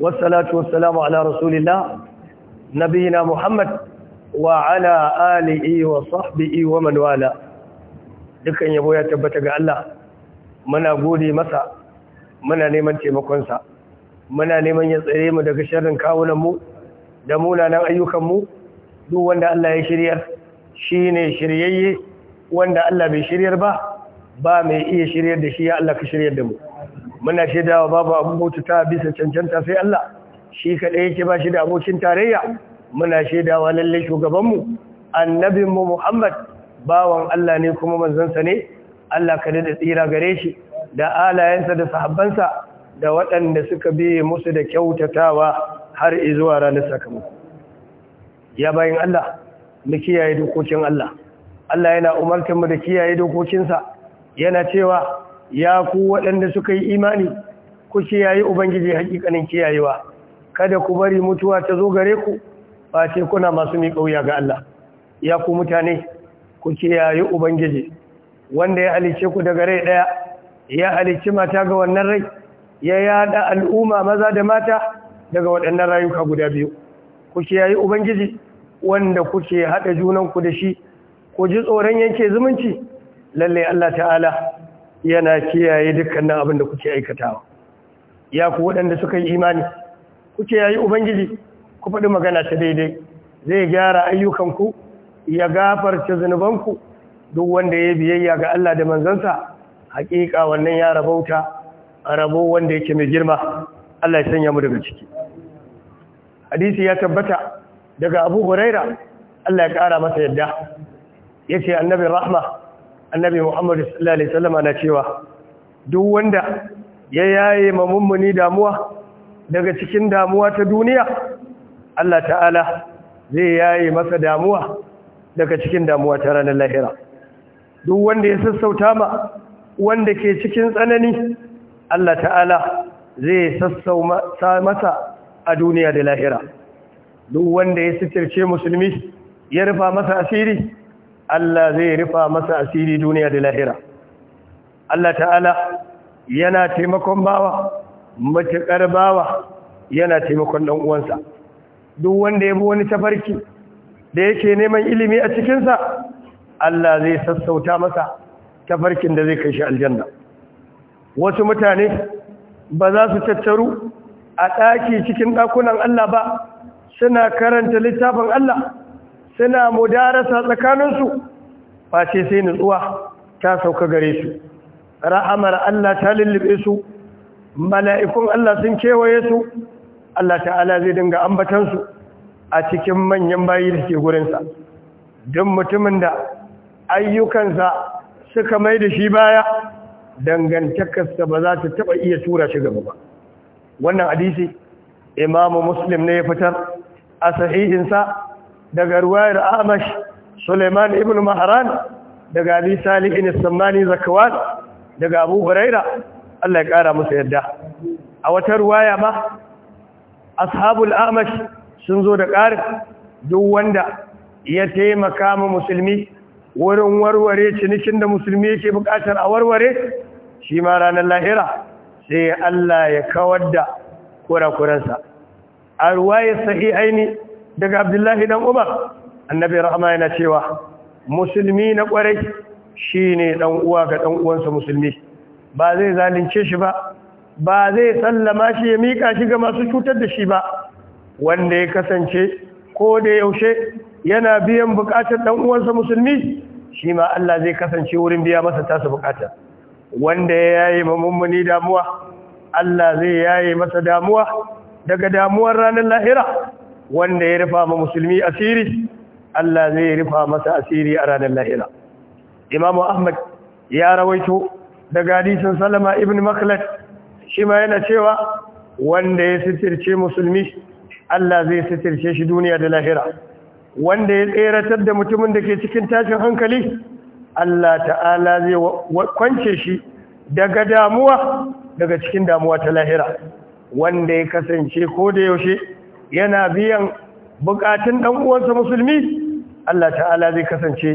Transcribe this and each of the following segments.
والصلاة والسلام على رسول الله نبينا محمد وعلى آله وصحبه ومن والاه dukan yabo ya tabbata ga Allah muna gode masa muna neman taimakonsa muna neman ya tsare mu daga sharrin kawunan mu da munanan ayyukan mu duk wanda Allah ya shiryar shine shiryayye wanda Allah bai shiryar ba ba mai iya shiryar da shi ya Allah ka shiryar da mu muna shaidawa babu abin bautata bisa cancanta sai Allah shi kaɗai yake ba shi da abokin tarayya muna shaidawa lalle shugabanmu annabinmu Muhammad bawan Allah ne kuma manzansa ne Allah ka da tsira gare shi da alayensa da sahabbansa da waɗanda suka biye musu da kyautatawa har izuwa ranar sakamako ya bayin Allah mu kiyaye dokokin Allah Allah yana umartar mu da kiyaye dokokinsa yana cewa ya ku waɗanda suka yi imani ku kiyaye ubangiji hakikanin kiyayewa kada ku bari mutuwa ta zo gare ku ba ce kuna masu miƙa wuya ga Allah ya ku mutane ku kiyaye ubangiji wanda ya halice ku daga rai ɗaya ya halice mata ga wannan rai ya yada al'umma maza da mata daga waɗannan rayuka guda biyu ku kiyaye ubangiji wanda kuke haɗa junanku da shi ku ji tsoron yanke zumunci Lallai Allah ta'ala yana kiyaye dukkanin abin da kuke aikatawa ya ku waɗanda suka yi imani kuke yayi ubangiji ku faɗi magana ta daidai zai gyara ayyukanku ya gafarta zunubanku duk wanda ya biyayya ga Allah da manzansa hakika wannan ya rabauta rabo wanda yake mai girma Allah ya sanya mu daga ciki hadisi ya tabbata daga Abu Huraira Allah ya kara masa yadda yace annabi rahma annabi Muhammad sallallahu alaihi wasallam na cewa duk wanda ya yaye ma mummuni damuwa daga cikin damuwa ta duniya Allah ta'ala zai yaye masa damuwa daga cikin damuwa ta ranar lahira duk wanda ya sassauta ma wanda ke cikin tsanani Allah ta'ala zai sassauta masa a duniya da lahira duk wanda ya sitirce musulmi ya rufa masa asiri Allah zai rufa masa asiri duniya da lahira Allah ta'ala yana taimakon bawa matuƙar bawa yana taimakon ɗan uwansa duk wanda ya bi wani tafarki da yake neman ilimi a cikinsa Allah zai sassauta masa tafarkin da zai kai shi aljanna wasu mutane ba za su tattaru a ɗaki cikin ɗakunan Allah ba suna karanta littafin Allah suna mudarasa tsakaninsu ce sai nutsuwa ta sauka gare su rahamar Allah ta lullube su mala'ikun Allah sun kewaye su Allah ta'ala zai dinga ambatansu a cikin manyan bayi da ke gurinsa don mutumin da ayyukansa suka mai da shi baya dangantakarsa ba za ta taba iya tura shi gaba ba wannan hadisi imamu muslim ne ya fitar a sahihinsa daga ruwayar amash suleiman ibn maharan daga abi salih ibn zakawan daga abu huraira Allah ya kara musu yadda a wata ruwaya ma ashabul amash sun zo da ƙarin duk wanda ya taimaka ma musulmi wurin warware cinikin da musulmi yake buƙatar a warware shi ma ranar lahira sai Allah ya kawar da kurakuransa a ruwayar sahihaini daga abdullahi dan umar annabi rahama yana cewa musulmi na kwarai shi dan uwa ga ɗan'uwansa uwansa musulmi ba zai zalunce shi ba ba zai sallama shi ya mika shi ga masu cutar da shi ba wanda ya kasance ko da yaushe yana biyan bukatar ɗan'uwansa uwansa musulmi shi ma Allah zai kasance wurin biya masa tasa buƙatar. wanda ya yaye mummuni damuwa Allah zai yaye masa damuwa daga damuwar ranar lahira wanda ya rufa ma musulmi asiri Allah zai rufa masa asiri a ranar lahira Imam Ahmad ya rawaito daga hadisin Salama ibn Makhlad shi ma yana cewa wanda ya sitirce musulmi Allah zai sitirce shi duniya da lahira wanda ya tseratar da mutumin da ke cikin tashin hankali Allah ta'ala zai kwance shi daga damuwa daga cikin damuwa ta lahira wanda ya kasance ko da yaushe yana biyan bukatun ɗan uwansa musulmi Allah ta'ala zai kasance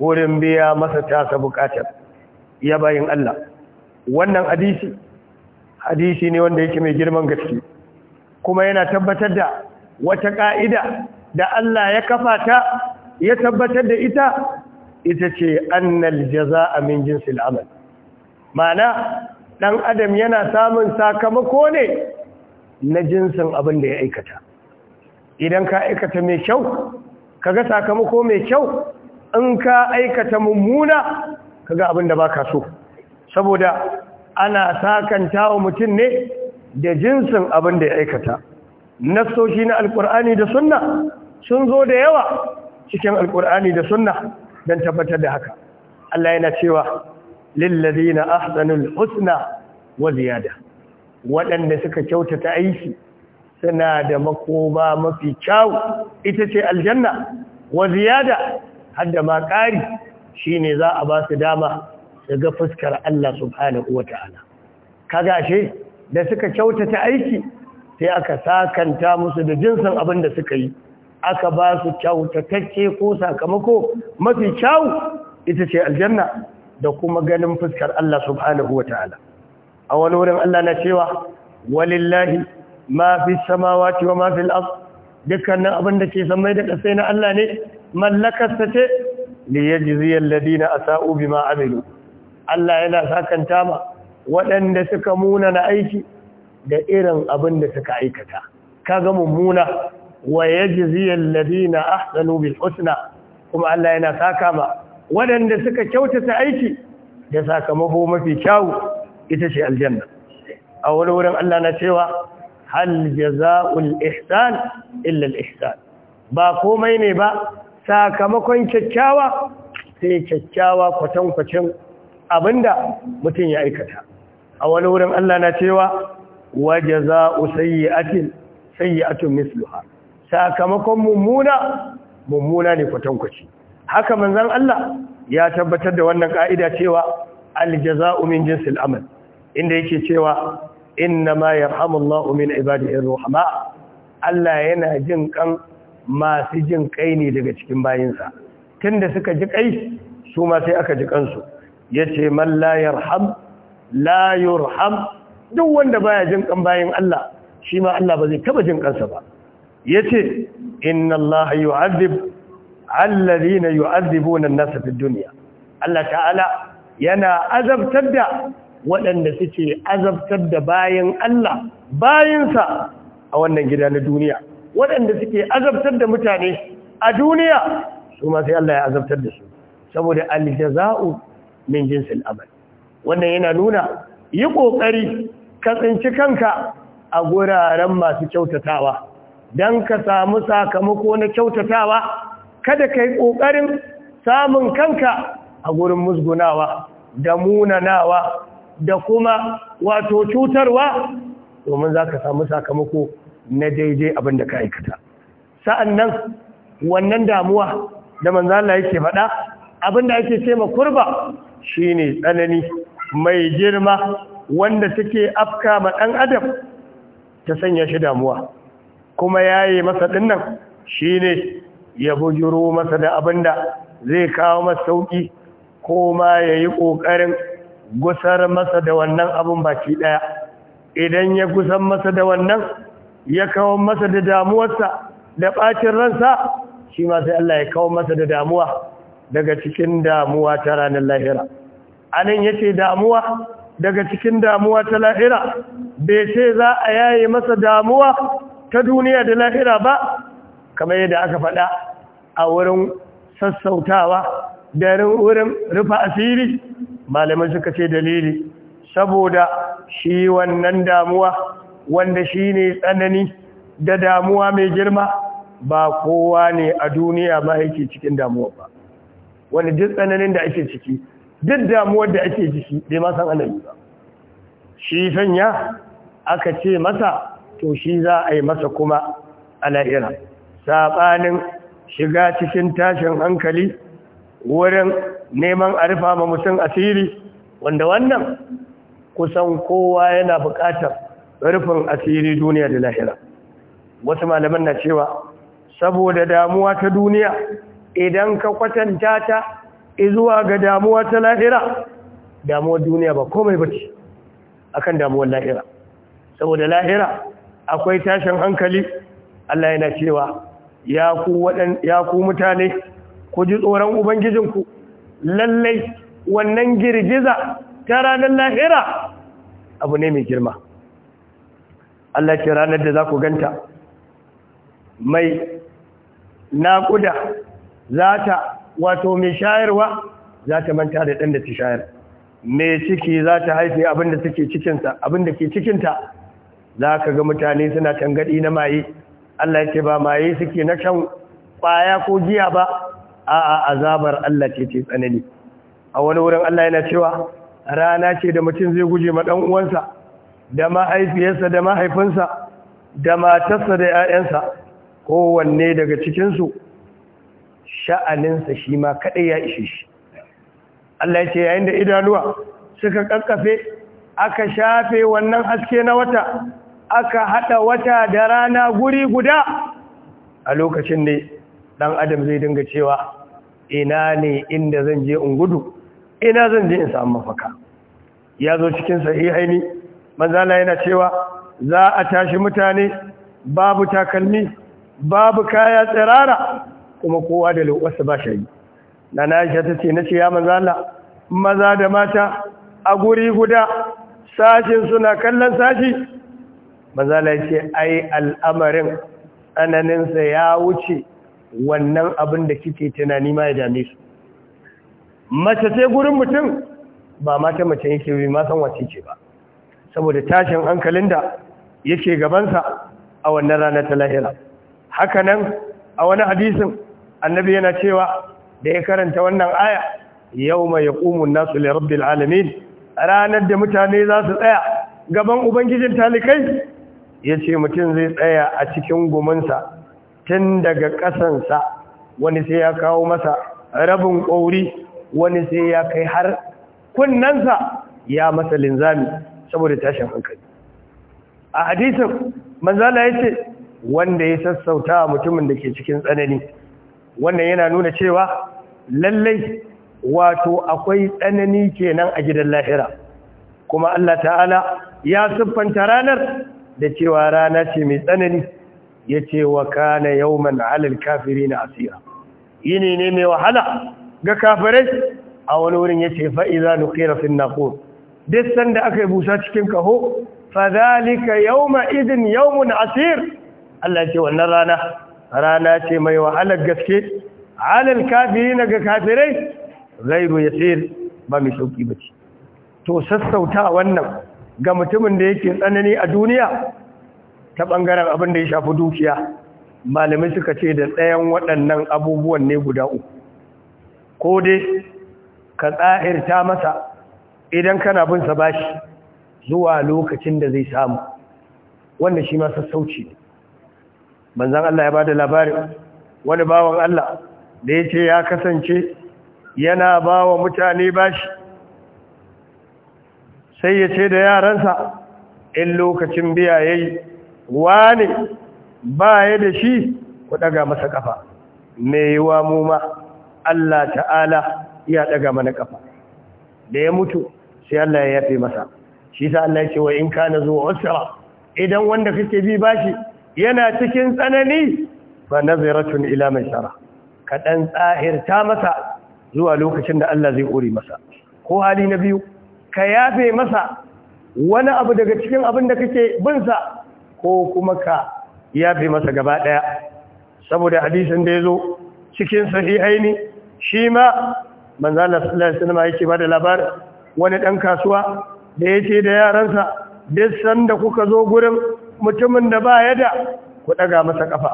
wurin biya masa tasa bukatar ya bayin Allah wannan hadisi hadisi ne wanda yake mai girman gaske kuma yana tabbatar da wata ƙa'ida da Allah ya kafa ta ya tabbatar da ita ita ce annal jaza'a min jinsil amal ma'ana ɗan adam yana samun sakamako ne na jinsin abin da ya aikata idan ka aikata mai kyau ka ga sakamako mai kyau in ka aikata mummuna ka ga abin da baka so saboda ana sakanta wa mutum ne da jinsin abin da ya aikata nassoshi na alkur'ani da sunna sun zo da yawa cikin alkur'ani da sunna don tabbatar da haka Allah yana cewa lillazina ahsanul husna wa ziyada waɗanda suka kyautata aiki suna da makoma mafi kyau ita ce aljanna wa ziyada har ma ƙari shine za a ba su dama daga fuskar Allah subhanahu wata'ala kaga shi da suka kyautata aiki sai aka sakanta musu da jinsin abin da suka yi aka ba su kyautatacce ko sakamako mafi kyawu ita ce aljanna da kuma ganin fuskar Allah subhanahu wata'ala a wani wurin Allah na cewa walillahi Mafi fi samawati wa ma dukkanin abin da ke samai da kasai na Allah ne Mallakasta ce li yajzi a asa'u bima amilu Allah yana sakanta ma waɗanda suka muna na aiki da irin abin da suka aikata kaga mummuna wa yajzi alladina ahsanu bil husna kuma Allah yana saka ma waɗanda suka kyautata aiki da sakamako mafi kyawu ita ce aljanna a wani wurin Allah na cewa hal jaza'ul ihsan illa al ihsan ba komai ne ba sakamakon kyakkyawa sai kyakkyawa kwatankwacin abinda mutum ya aikata a wani wurin Allah na cewa wajaza'u sayyi'atin sayyi'atun misluha sakamakon mummuna mummuna ne kwatankwaci haka manzon Allah ya tabbatar da wannan ka'ida cewa aljaza'u min jinsil amal inda yake cewa Inna innama yarhamullahu min ibadihi ar-rahama Allah yana jin kan masu jin kai ne daga cikin bayinsa tunda suka ji kai su ma sai aka ji kansu yace man la yarham la yurham duk wanda baya jin kan bayin Allah shi ma Allah ba zai taba jin kansa ba yace inna Allah yu'adhib alladhina yu'adhibuna an-nasa fid dunya Allah ta'ala yana azabtar da waɗanda suke azabtar da bayan Allah bayansa a wannan gida na duniya waɗanda suke azabtar da mutane a duniya su ma sai Allah ya azabtar da su saboda aljaza'u min jinsil amal wannan yana nuna yi ƙoƙari ka tsinci kanka a guraren masu kyautatawa don ka samu sakamako na kyautatawa kada ka yi kokarin samun kanka a gurin musgunawa da munanawa da kuma wato cutarwa domin za ka samu sakamako na daidai abin da ka aikata sa'an nan wannan damuwa da manzala yake faɗa abin da ake ce shine shi ne tsanani mai girma wanda take afka ma ɗan adam ta sanya shi damuwa kuma ya yi masa ɗinnan shi ne ya bujiro masa da abin da zai kawo masa sauƙi ko ma ya yi ƙoƙarin gusar masa da wannan abun baki daya idan ya gusar masa da wannan ya kawo masa da damuwarsa da bacin ransa shi ma sai Allah ya kawo masa da damuwa daga cikin damuwa ta ranar lahira anan yace damuwa daga cikin damuwa ta lahira bai ce za a yaye masa damuwa ta duniya da lahira ba kamar yadda aka faɗa a wurin sassautawa da wurin rufa asiri malaman suka ce dalili saboda shi wannan damuwa wanda shi ne tsanani da damuwa mai girma ba kowa ne a duniya ba yake cikin damuwa ba wani duk tsananin da ake ciki duk damuwar da ake ciki bai ma san annabi ba shi sanya aka ce masa to shi za a yi masa kuma alaira la'ira saɓanin shiga cikin tashin hankali wurin neman a rufa ma mutum asiri wanda wannan kusan kowa yana buƙatar rufin asiri duniya da lahira wasu malaman na cewa saboda damuwa ta duniya idan ka kwatanta ta izuwa ga damuwa ta lahira damuwar duniya ba komai ba ce, akan damuwar lahira saboda lahira akwai tashin hankali Allah yana cewa ya ku mutane ku ji tsoron ubangijinku lallai wannan girgiza ta ranar lahira abu ne mai girma Allah ce ranar da za ku ganta mai naƙuda za ta wato mai shayarwa za ta manta da ɗan da ta shayar mai ciki za ta haife abinda suke cikinsa abinda ke cikinta za ka ga mutane suna tangaɗi na maye Allah ce ba maye suke na shan ƙwaya ko giya ba a'a azabar Allah ce ce tsanani a wani wurin Allah yana cewa rana ce da mutum zai guje ma dan uwansa da mahaifiyarsa da mahaifinsa da matarsa da 'ya'yansa kowanne daga cikin cikinsu sha'aninsa shi ma kaɗai ya ishe shi Allah ya ce yayin da idanuwa suka kakkafe aka shafe wannan haske na wata aka haɗa wata da rana guri guda a lokacin ne dan adam zai dinga cewa ina ne inda zan je in gudu ina zan je in samu mafaka ya zo cikin sahihaini manzala yana cewa za a tashi mutane babu takalmi babu kaya tsirara kuma kowa da lokwasa ba shayi na na aisha ta ce na ce ya manzala maza da mata a guri guda sashen suna kallon sashi manzala ya ce ai al'amarin tsananinsa ya wuce wannan abin da kike tunani ma ya dame su mace sai gurin mutum ba mata mace yake yi ma san wace ce ba saboda tashin hankalin da yake gabansa a wannan rana ta lahira haka nan a wani hadisin annabi yana cewa da ya karanta wannan aya yawma yaqumu an-nasu li rabbil alamin ranar da mutane za su tsaya gaban ubangijin talikai yace mutum zai tsaya a cikin gumansa tun daga ƙasansa wani sai ya kawo masa rabin ƙauri wani sai ya kai har kunnansa ya masa linzami saboda tashin hankali a hadisun manzala ya ce wanda ya sassauta mutumin da ke cikin tsanani wannan yana nuna cewa lallai wato akwai tsanani kenan a gidan lahira kuma Allah ta'ala ya siffanta ranar da cewa rana ce mai tsanani ya ce wa kana yawman kafiri na asira yini ne mai wahala ga kafirai a wani wurin ya ce fa'iza nukera fin duk sanda aka yi busa cikin kaho fadalika yawma idin yawmun asir Allah ce wannan rana rana ce mai wahalar gaske alal kafiri na ga kafirai gairu ya tsir ba mai sauƙi ba ce to sassauta wannan ga mutumin da yake tsanani a duniya ta ɓangaren abin da ya shafi dukiya malamai suka ce da tsayan waɗannan abubuwan ne guda uku ko dai ka tsahirta masa idan kana bin sa bashi zuwa lokacin da zai samu wannan shi ma sassauci ne manzon Allah ya ba da labarin wani bawan Allah da ce ya kasance yana ba wa mutane bashi sai ya ce da yaransa in lokacin biya ya yi. wane ba ya da shi ku daga masa kafa mai yiwa mu ma Allah ta'ala ya daga mana kafa da ya mutu sai Allah ya yafe masa shi sa Allah ya ce wa in kana zuwa usra idan wanda kake bi bashi yana cikin tsanani fa nazaratun ila shara ka dan tsahirta masa zuwa lokacin da Allah zai kore masa ko hali na biyu ka yafe masa wani abu daga cikin abin da kake bin sa ko kuma ka yafe masa gaba ɗaya saboda hadisin da ya zo cikin sahihaini shi ma manzana Allah sallallahu alaihi wasallam bada wani ɗan kasuwa da ya ce da yaransa duk sanda kuka zo gurin mutumin da ba ya da ku ɗaga masa ƙafa.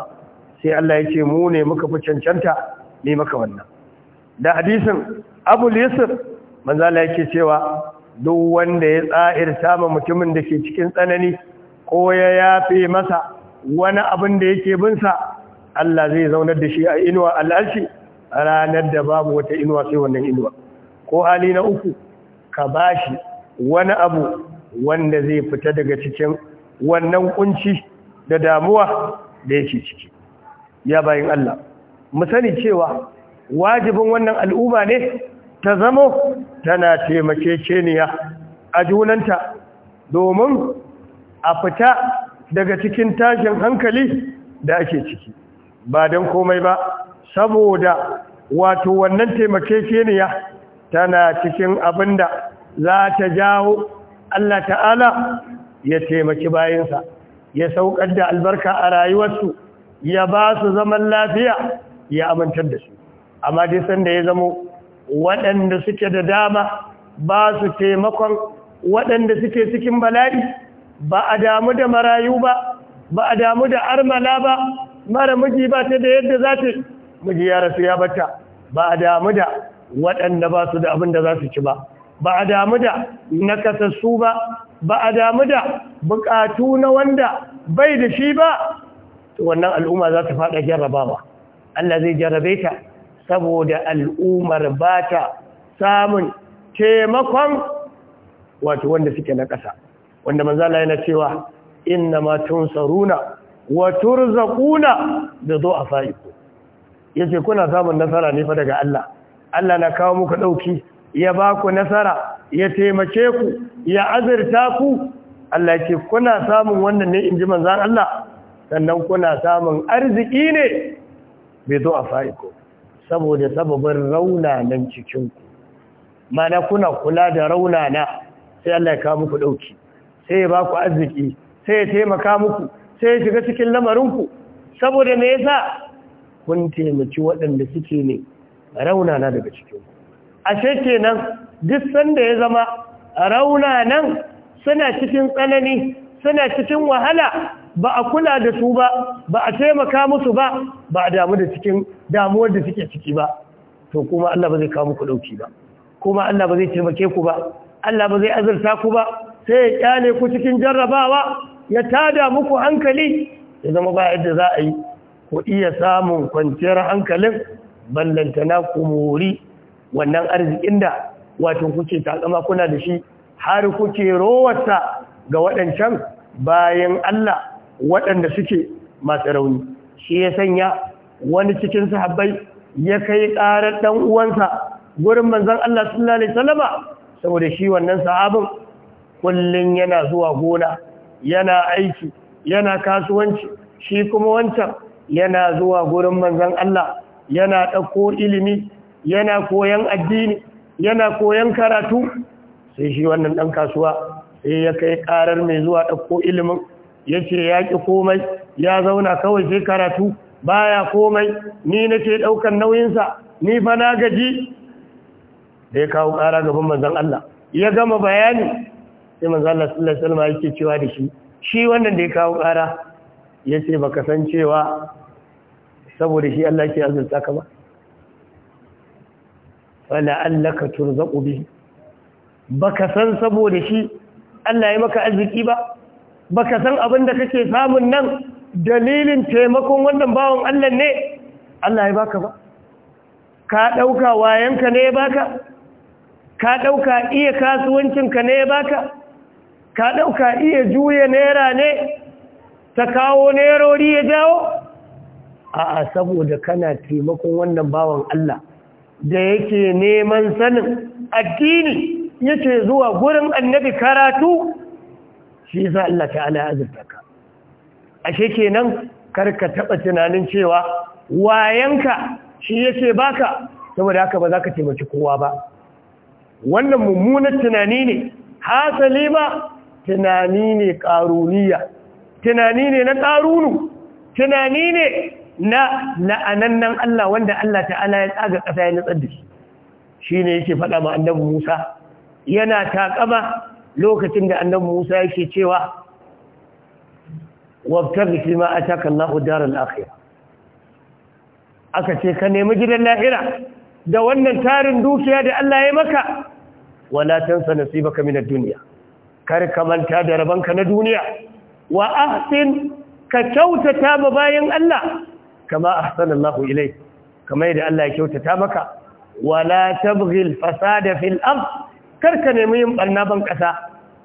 sai Allah yake mu ne muka fi cancanta ne maka wannan da hadisin Abu Yusuf manzana yake cewa duk wanda ya tsa'ir sama mutumin da ke cikin tsanani ko ya yafe masa wani abin da yake binsa Allah zai zaunar da shi a inuwa al'arshi a ranar da babu wata inuwa sai wannan inuwa ko hali na uku ka bashi wani abu wanda zai fita daga cikin wannan kunci da damuwa da yake ciki ya bayin Allah mu sani cewa wajibin wannan al'umma ne ta zamo tana taimakekeniya a junanta domin a fita daga cikin tashin hankali da ake ciki ba don komai ba saboda wato wannan taimakekeniya tana cikin abinda za ta jawo Allah ta'ala ya taimaki bayansa ya saukar da albarka a rayuwarsu ya ba su zaman lafiya ya amintar da su amma dai sanda ya zamo waɗanda suke da dama ba su taimakon waɗanda suke cikin bala'i ba a damu da marayu ba ba a damu da armala ba mara miji ba ta da yadda za ta miji ya rasu ya bata ba a damu da waɗanda ba su da abin da za su ci ba ba a damu da nakasassu ba ba a damu da buƙatu na wanda bai da shi ba wannan al'umma za ta faɗa jarrabawa Allah zai jarrabe ta saboda al'ummar ba ta samun taimakon wato wanda suke na ƙasa wanda manzala yana cewa inna ma tunsaruna wa turzaquna bi du'afaikum yace kuna samun nasara ne fa daga Allah Allah na kawo muku dauki ya ba ku nasara ya taimake ku ya azurta ku Allah ce kuna samun wannan ne inji manzan Allah sannan kuna samun arziki ne bai zo a fariko saboda sababin raunanan cikinku mana kuna kula da raunana sai Allah ya kawo muku ɗauki sai ya baku arziki sai ya taimaka muku sai ya shiga cikin lamarinku saboda me yasa kun taimaki waɗanda suke ne raunana daga cikin ashe kenan duk sanda ya zama rauna nan suna cikin tsanani suna cikin wahala ba a kula da su ba ba a taimaka musu ba ba a damu da cikin damuwar da suke ciki ba to kuma Allah ba zai kawo muku dauki ba kuma Allah ba zai taimake ku ba Allah ba zai azurta ku ba sai ya kyale ku cikin jarrabawa ya tada muku hankali ya zama ba yadda za a yi ku iya samun kwanciyar hankalin ballantana ku muri. wannan arzikin da wato kuke takama kuna da shi har kuke rowarsa ga waɗancan bayan Allah waɗanda suke masu rauni shi ya sanya wani cikin sahabbai ya kai ƙarar ɗan uwansa gurin manzon Allah sallallahu alaihi wasallama saboda shi wannan sahabin Kullum yana zuwa gona yana aiki yana kasuwanci shi kuma wancan yana zuwa gurin manzan Allah yana ɗauko ilimi yana koyan addini yana koyan karatu sai shi wannan ɗan kasuwa sai ya kai ƙarar mai zuwa ɗauko ilimin ya ce ya ƙi komai ya zauna kawai sai karatu baya komai ni na ce ɗaukan nauyinsa ni fa na gaji da ya kawo ƙara gaban manzan Allah ya gama bayani sai manzo Allah sallallahu alaihi wasallam yake cewa da shi shi wannan da ya kawo ƙara yace baka san cewa saboda shi Allah yake azurta ka ba wala allaka turzaqu bi baka san saboda shi Allah ya maka arziki ba baka san abin da kake samun nan dalilin taimakon wannan bawon Allah ne Allah ya baka ba ka dauka wayanka ne ya baka ka dauka iya kasuwancinka ne ya baka ka ɗauka iya juya naira ne ta kawo nerori ya jawo a'a saboda kana taimakon wannan bawan Allah da yake neman sanin addini yake zuwa gurin annabi karatu shi za Allah ta'ala ya azurta ka ashe kenan karka taba tunanin cewa wayanka shi yake baka saboda haka ba za ka taimaki kowa ba wannan mummunan tunani ne hasali ba tunani ne ƙaruniya tunani ne na ƙarunu tunani ne na la'anannan Allah wanda Allah ta'ala ya tsaga ƙasa ya nutsar da shi shi ne yake faɗa ma annabi Musa yana taƙama lokacin da annabi Musa yake cewa wabtaghi fi ma ataka Allahu daral akhirah aka ce ka nemi gidan lahira da wannan tarin dukiya da Allah ya maka wala tansa nasibaka minad dunya kar manta da rabanka na duniya wa ahsin ka kyautata ma bayan Allah kama ahsanallahu ilai kama yadda Allah ya kyautata maka wala tabghil fasada fil ard karka ka nemi yin barna ban kasa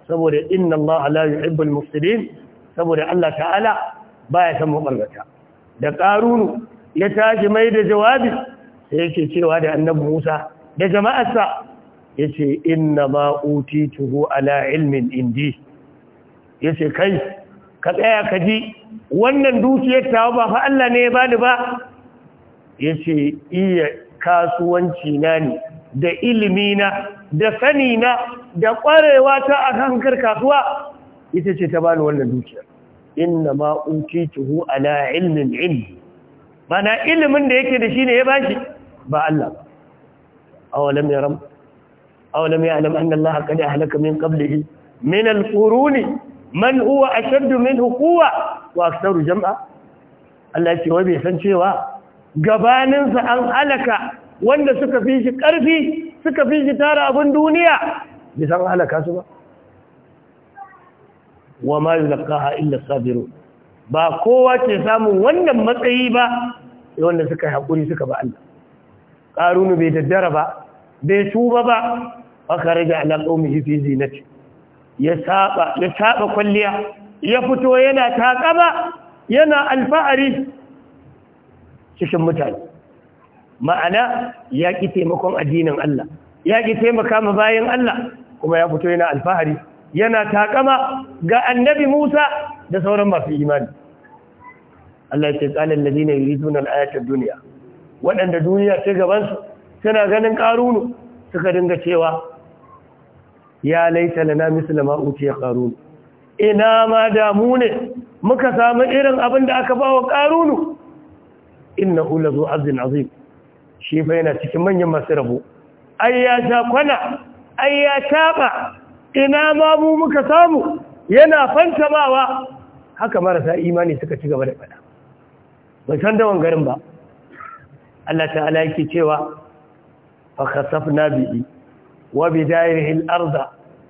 saboda inna Allah la yuhibbul mufsidin saboda Allah ta'ala baya san mabarnata da qarunu ya tashi mai da jawabi sai yake cewa da annabi Musa da jama'arsa yace inna ma utituhu ala ilmin indi yace kai ka tsaya ka ji wannan dukiyar ta ba fa Allah ne ya bani ba yace iya kasuwanci na ne da ilimi na da sani na da kwarewa ta a akan kasuwa ita ce ta bani wannan dukiyar inna ma utituhu ala ilmin indi mana ilimin da yake da shi ne ya bashi ba Allah ba awalam yaram أو لم يعلم أن الله قد أهلك من قبله من القرون من هو أشد منه قوة وأكثر جمعة الله يتوى بي سنشيوا قبان سأل ألك وأن سك فيه كأرفي سك فيه جتار أبن دونيا بسأل ألك أسوأ وما يلقاها إلا الصابرون با قوة تسام وأن مطعيبا وأن سك حقوري سك بأل قارون بيت الدربة bai tuba ba aka rage alaƙomi hifi zinati ya saba kwalliya ya fito yana taƙaba yana alfa'ari cikin mutane ma'ana ya ƙi taimakon addinin Allah ya ƙi taimaka ma bayan Allah kuma ya fito yana alfahari yana taƙama ga annabi Musa da sauran masu imani Allah ya ce tsalin lalina yuri dunan ayatar duniya waɗanda duniya ce gabansu suna ganin ƙarunu suka dinga cewa ya laita lana mislama ya ƙarunu ina ma damu ne muka samu irin abin da aka ba wa ƙarunu inna hula zo azin azim shi fa yana cikin manyan masu rabo ai ya kwana ai ya ina ma mu muka samu yana fantamawa haka marasa imani suka ci gaba da fada ban san da wangarin ba Allah ta'ala yake cewa فخسفنا به وبدائره الأرض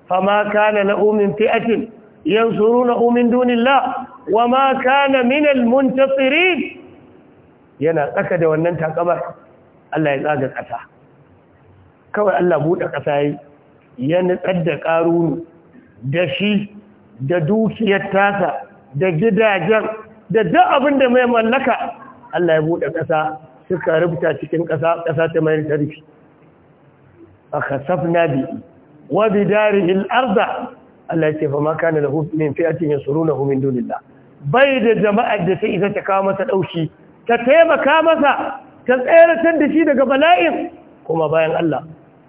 فما كان له من فئة ينصرونه من دون الله وما كان من المنتصرين ينا أكد وننتا قبر الله يزاد القتاة كوى الله بود القتاة ينقد قارون دشي ددوكي التاسة دجدا جر دجاء بند ميمان لك الله يبود القتاة سكا ربتا سكين قتاة قتاة ميمان لك فخسفنا به وبداره الأرض التي فما كان له من فئة ينصرونه من دون الله بيد جماعة دسي إذا تكامت الأوشي تتيم كامسا كالأيرة تندسي دقى بلائم كما باين الله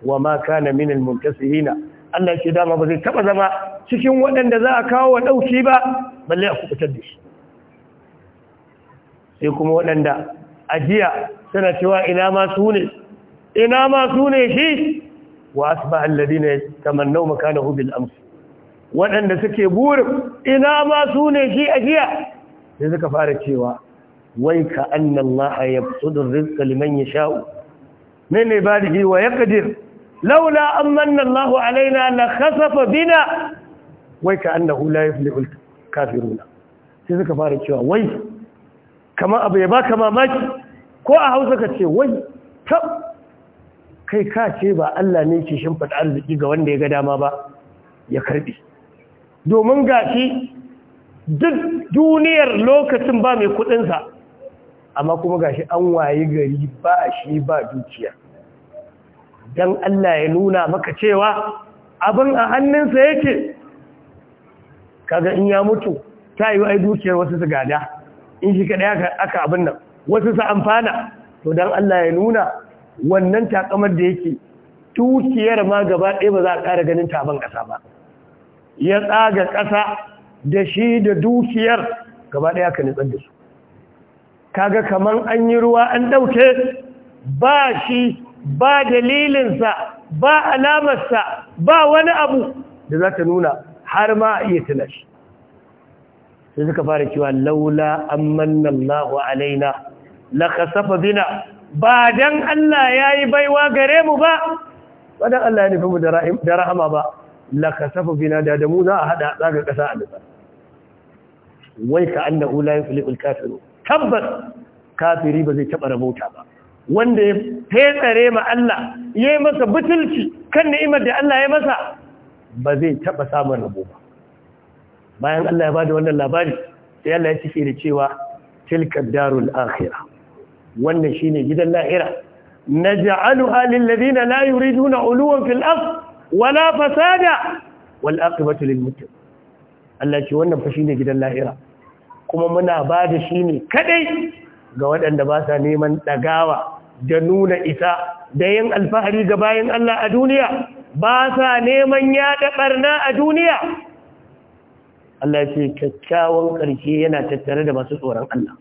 وما كان من المنتصرين الله يشدام بذي تبذى ما سكين وأن ذا أكاو الأوشي با بل يأخذ تدش سيكم وأن ذا أجيا سنة سوى إنا ما سوني إنا ما سوني شيش وأصبح الذين تمنوا مكانه بالامس وان ده سكي بور الى ما سوني شيء اجيا زي كفا ر تشوا وي كان الله يبسط الرزق لمن يشاء من عباده ويقدر لولا امن الله علينا لخسف بنا وي كانه لا يفلح الكافرون زي كفا ر تشوا وي كما ابي باكما ماكي ko a hausa kace wai tab kai ka ce ba Allah ne ke shimfada arziki ga wanda ya ga dama ba ya karbi domin gashi duk duniyar lokacin ba mai kudinsa amma kuma gashi an waye gari ba shi ba dukiya don Allah ya nuna maka cewa abin a hannunsa yake kaga in ya mutu ta yi ai dukiyar wasu su gada in shi kaɗai aka abin nan wasu su amfana to don Allah ya nuna wannan takamar da yake tukiyar ma gaba ɗaya ba za a ƙara ganin taban ƙasa ba ya tsaga ƙasa da shi da dukiyar gaba ɗaya ka nutsar da su kaga kamar an yi ruwa an ɗauke ba shi ba dalilinsa ba alamarsa ba wani abu da za ta nuna har ma iya tuna shi sai suka fara cewa laula an manna Allahu alaina la kasafa bina ba dan Allah ya yi baiwa gare mu ba ba dan Allah ya nufi mu da rahama ba la safa bina da damu za a hada tsagar kasa a nisa wai ka annahu la yuflihul kafiru tabbas kafiri ba zai taɓa rabauta ba wanda ya fetsare ma Allah ya yi masa butulci kan ni'imar da Allah ya yi masa ba zai taɓa samun rabo ba bayan Allah ya bada wannan labari sai Allah ya cike da cewa tilka darul akhirah wannan shine gidan lahira naj'aluha halin ladina la yuriduna uluwan fil ard wala fasada wal aqibatu lil muttaqin Allah ce wannan fa shine gidan lahira kuma muna ba da shine kadai ga waɗanda ba sa neman dagawa da nuna isa da yin alfahari ga bayan Allah a duniya ba sa neman yaɗa ɓarna a duniya Allah ce kyakkyawan ƙarshe yana tattare da masu tsoron Allah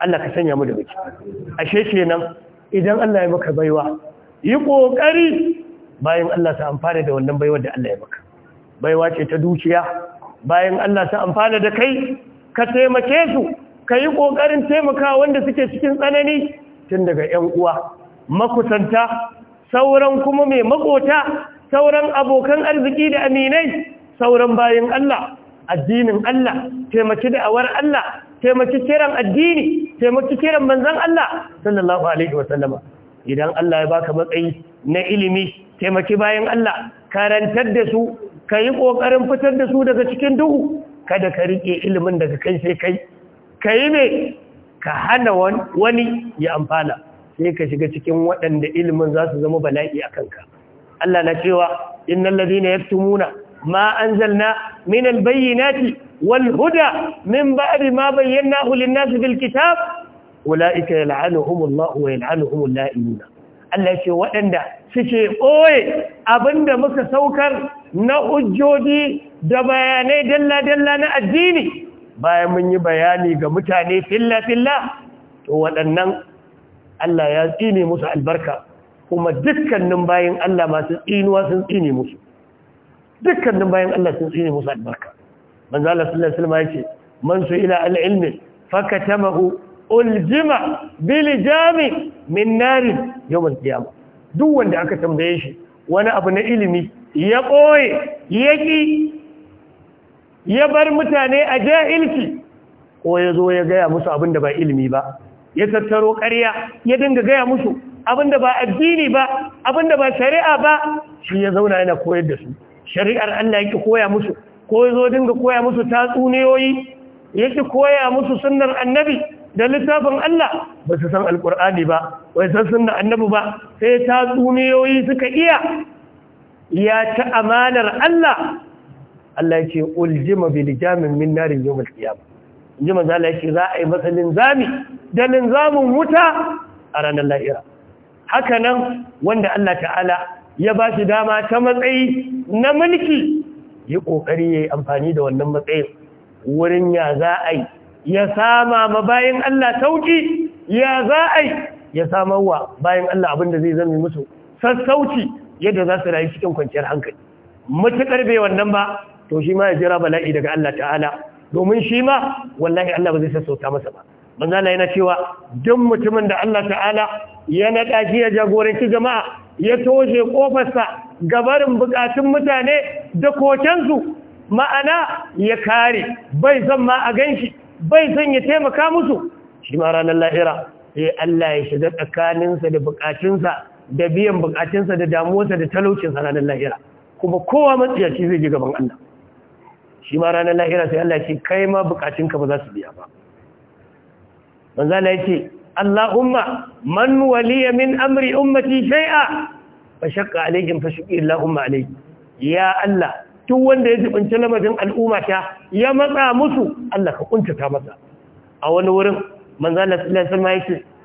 Allah ka sanya mu da baki ashe kenan idan Allah ya maka baiwa yi kokari bayan Allah ta amfana da wannan baiwar da Allah ya maka baiwa ce ta dukiya bayan Allah ta amfana da kai ka taimake su ka yi kokarin taimakawa wanda suke cikin tsanani tun daga ƴan uwa makusanta sauran kuma mai makota sauran abokan arziki da aminai sauran bayan Allah addinin Allah taimaki da awar Allah taimaki kiran addini taimaki kiran manzan Allah sallallahu alaihi wasallama idan Allah ya baka matsayi na ilimi taimaki bayan Allah karantar da su yi ƙoƙarin fitar da su daga cikin duhu kada ka rike ilimin daga kai sai kai yi ne ka hana wani ya amfana sai ka shiga cikin waɗanda ilimin za su zama bala'i a kanka Allah na cewa innal ladina yaktumuna ma anzalna min albayyinati والهدى من بعد ما بيناه للناس في الكتاب أولئك يلعنهم الله ويلعنهم اللائمون Allah ce waɗanda suke ɓoye abinda muka saukar na hujjoji da bayanai dalla-dalla na addini bayan mun yi bayani ga mutane filla-filla to waɗannan Allah ya tsine musu albarka kuma dukkanin bayan Allah masu tsinuwa sun tsine musu dukkanin bayan Allah sun musu albarka manzo Allah sallallahu alaihi wasallam yace man su'ila al ilmi fakatamahu uljima bil jami min nar yawm al duk wanda aka tambaye shi wani abu na ilimi ya boye yaki ya bar mutane a jahilci ko ya zo ya gaya musu abin da ba ilimi ba ya tattaro ƙarya ya dinga gaya musu abin da ba addini ba abin da ba shari'a ba shi ya zauna yana koyar da su shari'ar Allah yake koya musu ko zo dinga koya musu tatsuniyoyi yake koya musu sunnar annabi da littafin Allah ba su san alkur'ani ba wai san sunnar annabi ba sai tatsuniyoyi suka iya ya ta amanar Allah Allah yake uljima bil jamin min narin yawm al-qiyamah inji manzo Allah yake za a yi masalin zami da linzamin wuta a ranar lahira haka nan wanda Allah ta'ala ya ba shi dama ta matsayi na mulki yi ƙoƙari ya yi amfani da wannan matsayin wurin ya za a yi ya sama ma bayan Allah sauƙi ya za a yi ya samarwa wa bayan Allah abinda zai zama musu sassauci yadda za su rayu cikin kwanciyar hankali matuƙar bai wannan ba to shi ma ya jira bala'i daga Allah ta'ala domin shi ma wallahi Allah ba zai sassauta masa ba manzo yana cewa duk mutumin da Allah ta'ala ya naɗa shi ya jagoranci jama'a ya toje kofarsa gabarin bukatun mutane da kokensu ma'ana ya kare bai zan ma a gan shi. bai zan ya taimaka musu shi ma ranar lahira sai eh, Allah ya shiga tsakaninsa da bukatunsa da biyan bukatunsa da damuwarsa da talaucinsa ranar lahira kuma kowa matsiyaci zai ji gaban Allah shi ma ranar lahira sai Allah ya ce kai ma bukatunka ba za su biya ba manzala ya ce اللهم من ولي من أمر أمتي شيئا فشق عليهم فشكير اللهم عليه يا الله تو وند يجب أن تلم جن الأمة يا مطع مسو الله كنت تامتا أول ورم من ذا لسل ما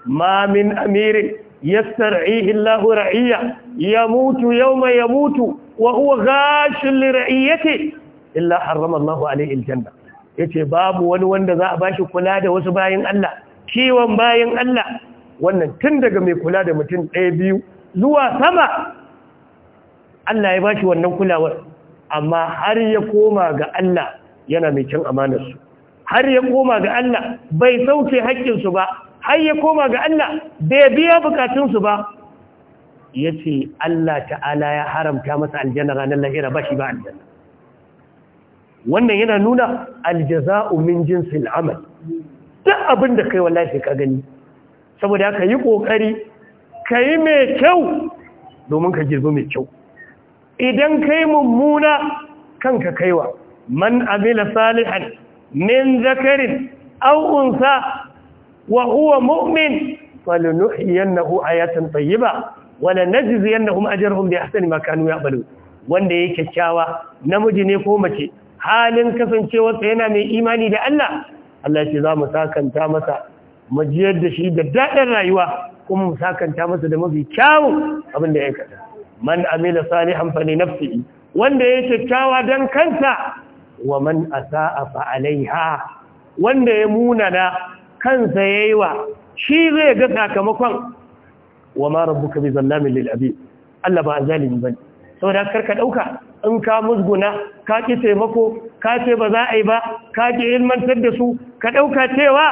ما من أمير يسترعيه الله رعية يموت يوم يموت وهو غاش لرعيته إلا حرم الله عليه الجنة يتي باب ولو وند ذا باشو قلاده وسباين الله kiwon bayan Allah wannan tun daga mai kula da mutum ɗaya biyu zuwa sama Allah ya bashi wannan kulawar amma har ya koma ga Allah yana mai cin amanarsu har ya koma ga Allah bai sauke haƙƙinsu ba har ya koma ga Allah bai biya bukatunsu ba ya ce Allah ta'ala ya haramta masa aljanna ranar lahira ba shi ba aljanna wannan yana nuna aljaza'u min jinsil amal duk abin da kai wallahi sai ka gani saboda ka yi kokari ka yi mai kyau domin ka girbi mai kyau idan kai mummuna kanka kaiwa man amila salihan min zakarin aw unsa wa huwa mu'min falanuhyiyannahu ayatan tayyiba wa lanajziyannahum ajrahum bi ahsani ma kanu ya'malu wanda yake kyakkyawa namiji ne ko mace halin kasancewarsa yana mai imani da Allah Allah ce za mu sakanta masa majiyar da shi da daɗin rayuwa kuma mu sakanta masa da mafi kyawun abin da ya kada man amila Sani hamfani na nafsihi wanda ya kyakkyawa dan kansa wa man asaa fa'alai ha, wanda ya munana kansa yayi wa shi zai ga sakamakon wa ma rabbuka bi zallamin lil Allah ba zalimi bane saboda karka ɗauka in ka musguna ka ƙi taimako ka ce ba za a yi ba ka ƙi ilmantar da su ka ɗauka cewa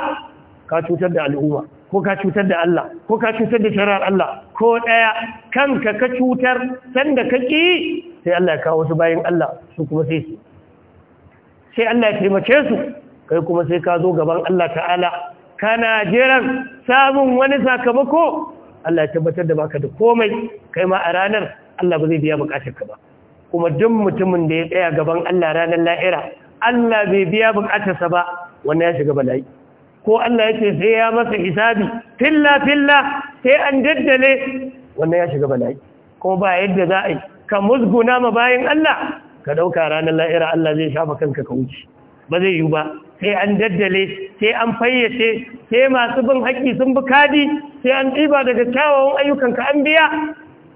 ka cutar da al'umma ko ka cutar da Allah ko ka cutar da shari'ar Allah ko ɗaya kanka ka cutar sanda ka ƙi sai Allah ya kawo su bayan Allah su kuma sai su sai Allah ya taimake su kai kuma sai ka zo gaban Allah ta'ala kana jiran samun wani sakamako Allah ya tabbatar da baka da komai kai ma a ranar Allah ba zai biya bukatar ka ba kuma duk mutumin da ya tsaya gaban Allah ranar la'ira Allah bai biya bukatarsa ba wannan ya shiga bala'i ko Allah ya ce sai ya masa hisabi filla filla sai an daddale wannan ya shiga bala'i kuma ba yadda za a yi ka musguna ma bayan Allah ka dauka ranar la'ira Allah zai shafa kanka ka wuce ba zai yi ba sai an daddale sai an fayyace sai masu bin haƙƙi sun bi kadi sai an ɗiba daga kyawawan ayyukanka an biya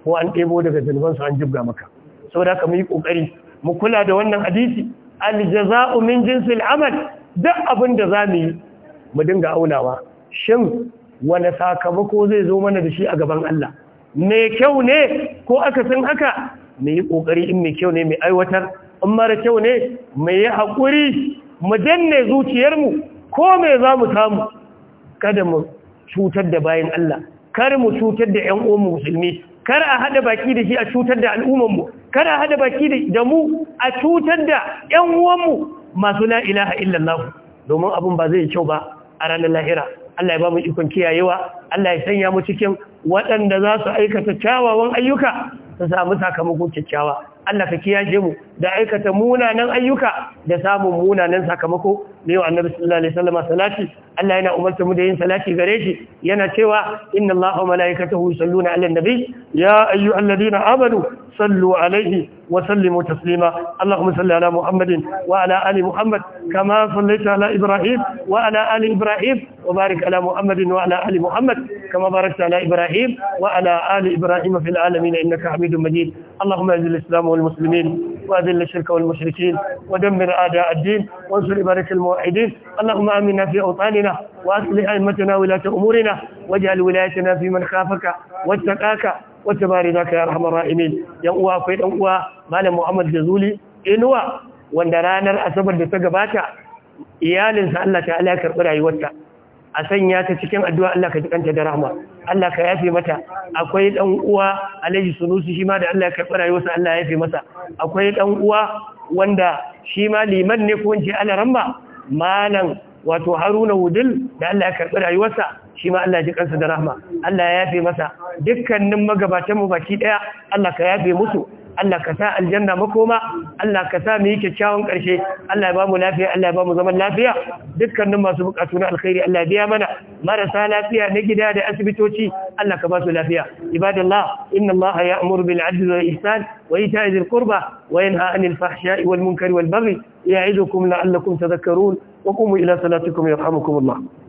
ko an ɗebo daga zunubansu an jibga maka da haka mu yi ƙoƙari mu kula da wannan hadisi aljaza'u min jinsil amal duk abin da za mu yi mu dinga aunawa shin wane sakamako zai zo mana da shi a gaban Allah mai kyau ne ko aka san haka mu yi ƙoƙari in mai kyau ne mai aiwatar in mara kyau ne mai yi haƙuri mu danne zuciyarmu ko mai za mu samu kada mu cutar da bayan Allah kar mu cutar da 'yan uwan musulmi kar a hada baki da shi a cutar da mu, kar a hada baki da mu a cutar da ƴan uwanmu masu la ilaha illallah domin abun ba zai kyau ba a ranar lahira Allah ya ba mu ikon kiyayewa Allah ya sanya mu cikin waɗanda za su aikata kyawawan ayyuka su samu sakamako kyakkyawa Allah ka kiyaye mu da aikata munanan ayyuka da samun munanan sakamako ne wa annabi sallallahu alaihi wasallam salati Allah yana umarta mu da yin salati gare shi yana cewa inna Allaha wa malaikatahu yusalluna 'alan nabi ya ayyuhalladhina amanu sallu 'alaihi وسلموا تسليما اللهم صل على محمد وعلى آل محمد كما صليت على إبراهيم وعلى آل إبراهيم وبارك على محمد وعلى آل محمد كما باركت على إبراهيم وعلى آل إبراهيم في العالمين إنك حميد مجيد اللهم أذل الإسلام والمسلمين وأذل الشرك والمشركين ودمر أعداء الدين وانصر إبارك الموحدين اللهم آمنا في أوطاننا وأصلح أئمتنا ولاة أمورنا واجعل ولايتنا في من خافك واتقاك wata bari za ka yi arhamar ra'imin yan uwa akwai dan uwa malam muhammad da zuli inuwa wanda ranar asabar da ta gabata iyalinsa allah ta ala karɓi rayuwarta a sanya ta cikin addu'a allah ka jikanta da rahama allah ka yafe mata akwai dan uwa alhaji sunusi shi ma da allah ya karɓi rayuwarsa allah ya yafe masa akwai dan uwa wanda shi ma liman ne ko wance alaran malam wato haruna wudil da Allah ya karɓi rayuwarsa shi ma Allah ya ji kansa da rahma Allah ya yafe masa dukkanin magabatanmu baki ɗaya Allah ka yafe musu Allah ka sa aljanna makoma Allah ka sa mu yi kyakkyawan ƙarshe Allah ya ba mu lafiya Allah ya ba mu zaman lafiya dukkanin masu bukatu na alkhairi Allah ya biya mana marasa lafiya na gida da asibitoci Allah ka ba su lafiya ibadallah inna Allah ya'muru bil 'adli wal ihsan wa ita'i dhil qurba wa yanha 'anil fahsha'i wal munkari wal baghi ya'idukum la'allakum tadhakkarun وقوموا إلى صلاتكم يرحمكم الله